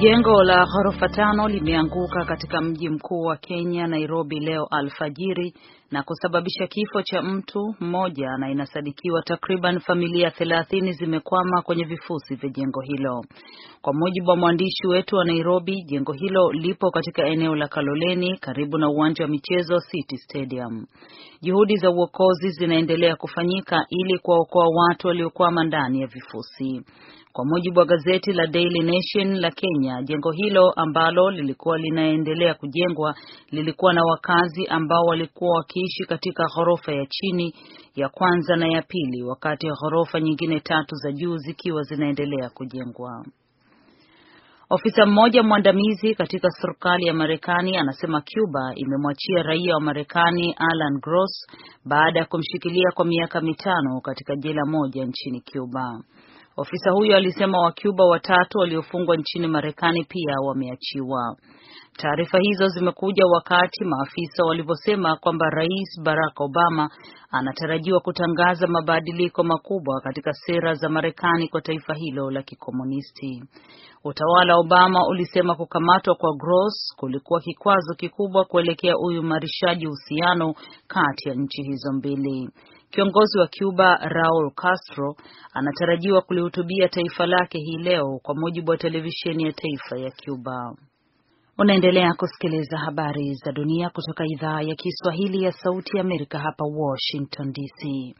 Jengo la ghorofa tano limeanguka katika mji mkuu wa Kenya, Nairobi, leo alfajiri na kusababisha kifo cha mtu mmoja, na inasadikiwa takriban familia thelathini zimekwama kwenye vifusi vya jengo hilo. Kwa mujibu wa mwandishi wetu wa Nairobi, jengo hilo lipo katika eneo la Kaloleni karibu na uwanja wa michezo City Stadium. Juhudi za uokozi zinaendelea kufanyika ili kuwaokoa watu waliokwama ndani ya vifusi. Kwa mujibu wa gazeti la Daily Nation la Kenya, jengo hilo ambalo lilikuwa linaendelea kujengwa lilikuwa na wakazi ambao walikuwa wakiishi katika ghorofa ya chini ya kwanza na ya pili, wakati ghorofa nyingine tatu za juu zikiwa zinaendelea kujengwa. Ofisa mmoja mwandamizi katika serikali ya Marekani anasema Cuba imemwachia raia wa Marekani Alan Gross baada ya kumshikilia kwa miaka mitano katika jela moja nchini Cuba. Ofisa huyo alisema Wacuba watatu waliofungwa nchini Marekani pia wameachiwa. Taarifa hizo zimekuja wakati maafisa walivyosema kwamba Rais Barack Obama anatarajiwa kutangaza mabadiliko makubwa katika sera za Marekani kwa taifa hilo la kikomunisti. Utawala Obama ulisema kukamatwa kwa Gross kulikuwa kikwazo kikubwa kuelekea uimarishaji uhusiano kati ya nchi hizo mbili. Kiongozi wa Cuba Raul Castro anatarajiwa kulihutubia taifa lake hii leo kwa mujibu wa televisheni ya taifa ya Cuba. Unaendelea kusikiliza habari za dunia kutoka idhaa ya Kiswahili ya Sauti ya Amerika hapa Washington DC.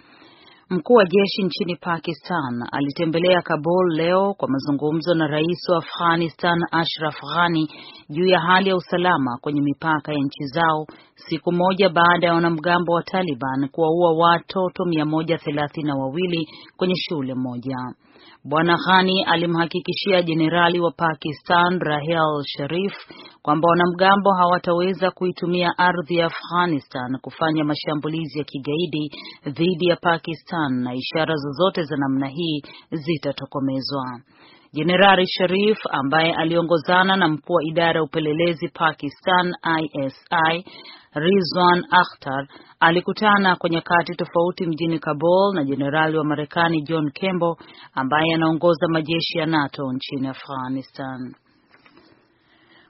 Mkuu wa jeshi nchini Pakistan alitembelea Kabul leo kwa mazungumzo na rais wa Afghanistan Ashraf Ghani juu ya hali ya usalama kwenye mipaka ya nchi zao, siku moja baada ya wanamgambo wa Taliban kuwaua watoto mia moja thelathini na wawili kwenye shule moja. Bwana Ghani alimhakikishia jenerali wa Pakistan Rahel Sharif kwamba wanamgambo hawataweza kuitumia ardhi ya Afghanistan kufanya mashambulizi ya kigaidi dhidi ya Pakistan na ishara zozote za namna hii zitatokomezwa. Jenerali Sharif ambaye aliongozana na mkuu wa idara ya upelelezi Pakistan ISI Rizwan Akhtar alikutana kwa nyakati tofauti mjini Kabul na jenerali wa Marekani John Kembo ambaye anaongoza majeshi ya NATO nchini Afghanistan.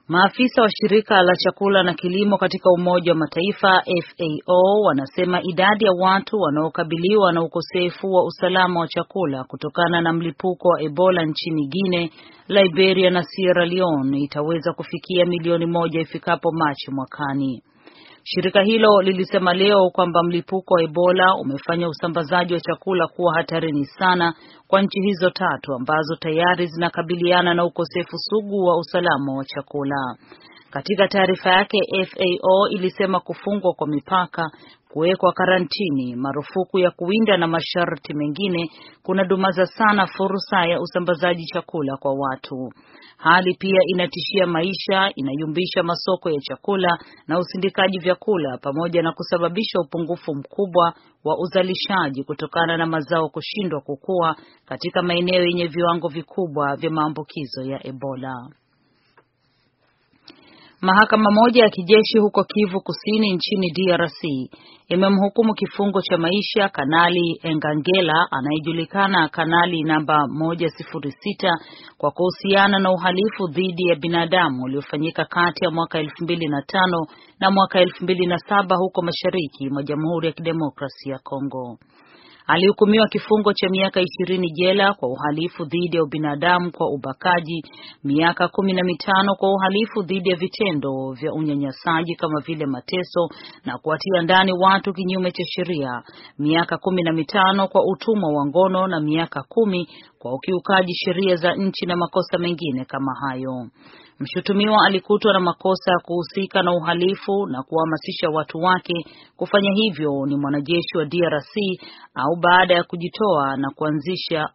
Maafisa wa shirika la chakula na kilimo katika Umoja wa Mataifa FAO wanasema idadi ya watu wanaokabiliwa na ukosefu wa usalama wa chakula kutokana na mlipuko wa Ebola nchini Guinea, Liberia na Sierra Leone itaweza kufikia milioni moja ifikapo Machi mwakani. Shirika hilo lilisema leo kwamba mlipuko wa Ebola umefanya usambazaji wa chakula kuwa hatarini sana kwa nchi hizo tatu ambazo tayari zinakabiliana na ukosefu sugu wa usalama wa chakula. Katika taarifa yake, FAO ilisema kufungwa kwa mipaka Kuwekwa karantini, marufuku ya kuwinda na masharti mengine kunadumaza sana fursa ya usambazaji chakula kwa watu. Hali pia inatishia maisha, inayumbisha masoko ya chakula na usindikaji vyakula, pamoja na kusababisha upungufu mkubwa wa uzalishaji kutokana na mazao kushindwa kukua katika maeneo yenye viwango vikubwa vya maambukizo ya Ebola. Mahakama moja ya kijeshi huko Kivu Kusini nchini DRC imemhukumu kifungo cha maisha Kanali Engangela anayejulikana kanali namba 106 kwa kuhusiana na uhalifu dhidi ya binadamu uliofanyika kati ya mwaka 2005 na mwaka 2007 huko mashariki mwa Jamhuri ya Kidemokrasia ya Kongo alihukumiwa kifungo cha miaka ishirini jela kwa uhalifu dhidi ya ubinadamu kwa ubakaji, miaka kumi na mitano kwa uhalifu dhidi ya vitendo vya unyanyasaji kama vile mateso na kuwatia ndani watu kinyume cha sheria, miaka kumi na mitano kwa utumwa wa ngono na miaka kumi kwa ukiukaji sheria za nchi na makosa mengine kama hayo. Mshutumiwa alikutwa na makosa ya kuhusika na uhalifu na kuwahamasisha watu wake kufanya hivyo ni mwanajeshi wa DRC au baada ya kujitoa na kuanzisha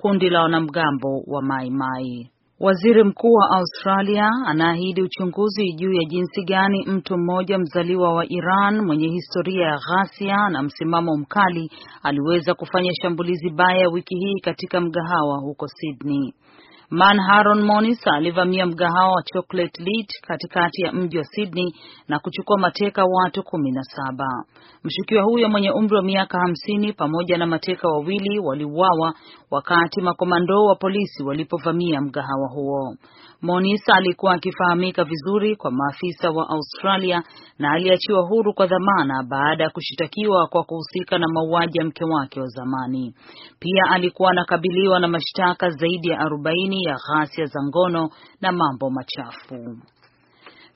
kundi la wanamgambo wa Mai Mai. Waziri Mkuu wa Australia anaahidi uchunguzi juu ya jinsi gani mtu mmoja mzaliwa wa Iran mwenye historia ya ghasia na msimamo mkali aliweza kufanya shambulizi baya wiki hii katika mgahawa huko Sydney. Manharon Monis alivamia mgahawa wa Chocolate Lit katikati ya mji wa Sydney na kuchukua mateka watu kumi na saba. Mshukiwa huyo mwenye umri wa miaka hamsini pamoja na mateka wawili waliuawa wakati makomando wa polisi walipovamia mgahawa huo. Monis alikuwa akifahamika vizuri kwa maafisa wa Australia na aliachiwa huru kwa dhamana baada ya kushitakiwa kwa kuhusika na mauaji ya mke wake wa zamani. Pia alikuwa anakabiliwa na mashtaka zaidi ya arobaini duni ya ghasia za ngono na mambo machafu.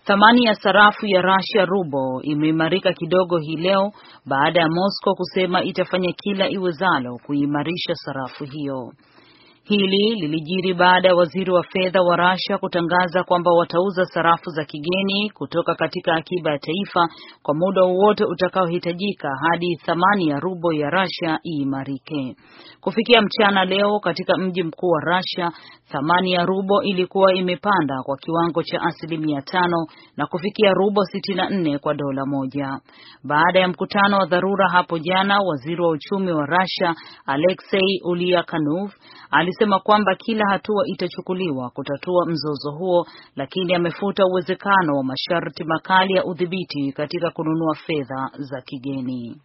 Thamani ya sarafu ya Russia rubo imeimarika kidogo hii leo baada ya Moscow kusema itafanya kila iwezalo kuimarisha sarafu hiyo. Hili lilijiri baada ya waziri wa fedha wa Russia kutangaza kwamba watauza sarafu za kigeni kutoka katika akiba ya taifa kwa muda wowote utakaohitajika hadi thamani ya rubo ya Russia iimarike. Kufikia mchana leo katika mji mkuu wa Russia, thamani ya rubo ilikuwa imepanda kwa kiwango cha asilimia tano na kufikia rubo 64 kwa dola moja. Baada ya mkutano wa dharura hapo jana, waziri wa uchumi wa Russia Alexei Uliakanov amesema kwamba kila hatua itachukuliwa kutatua mzozo huo, lakini amefuta uwezekano wa masharti makali ya udhibiti katika kununua fedha za kigeni.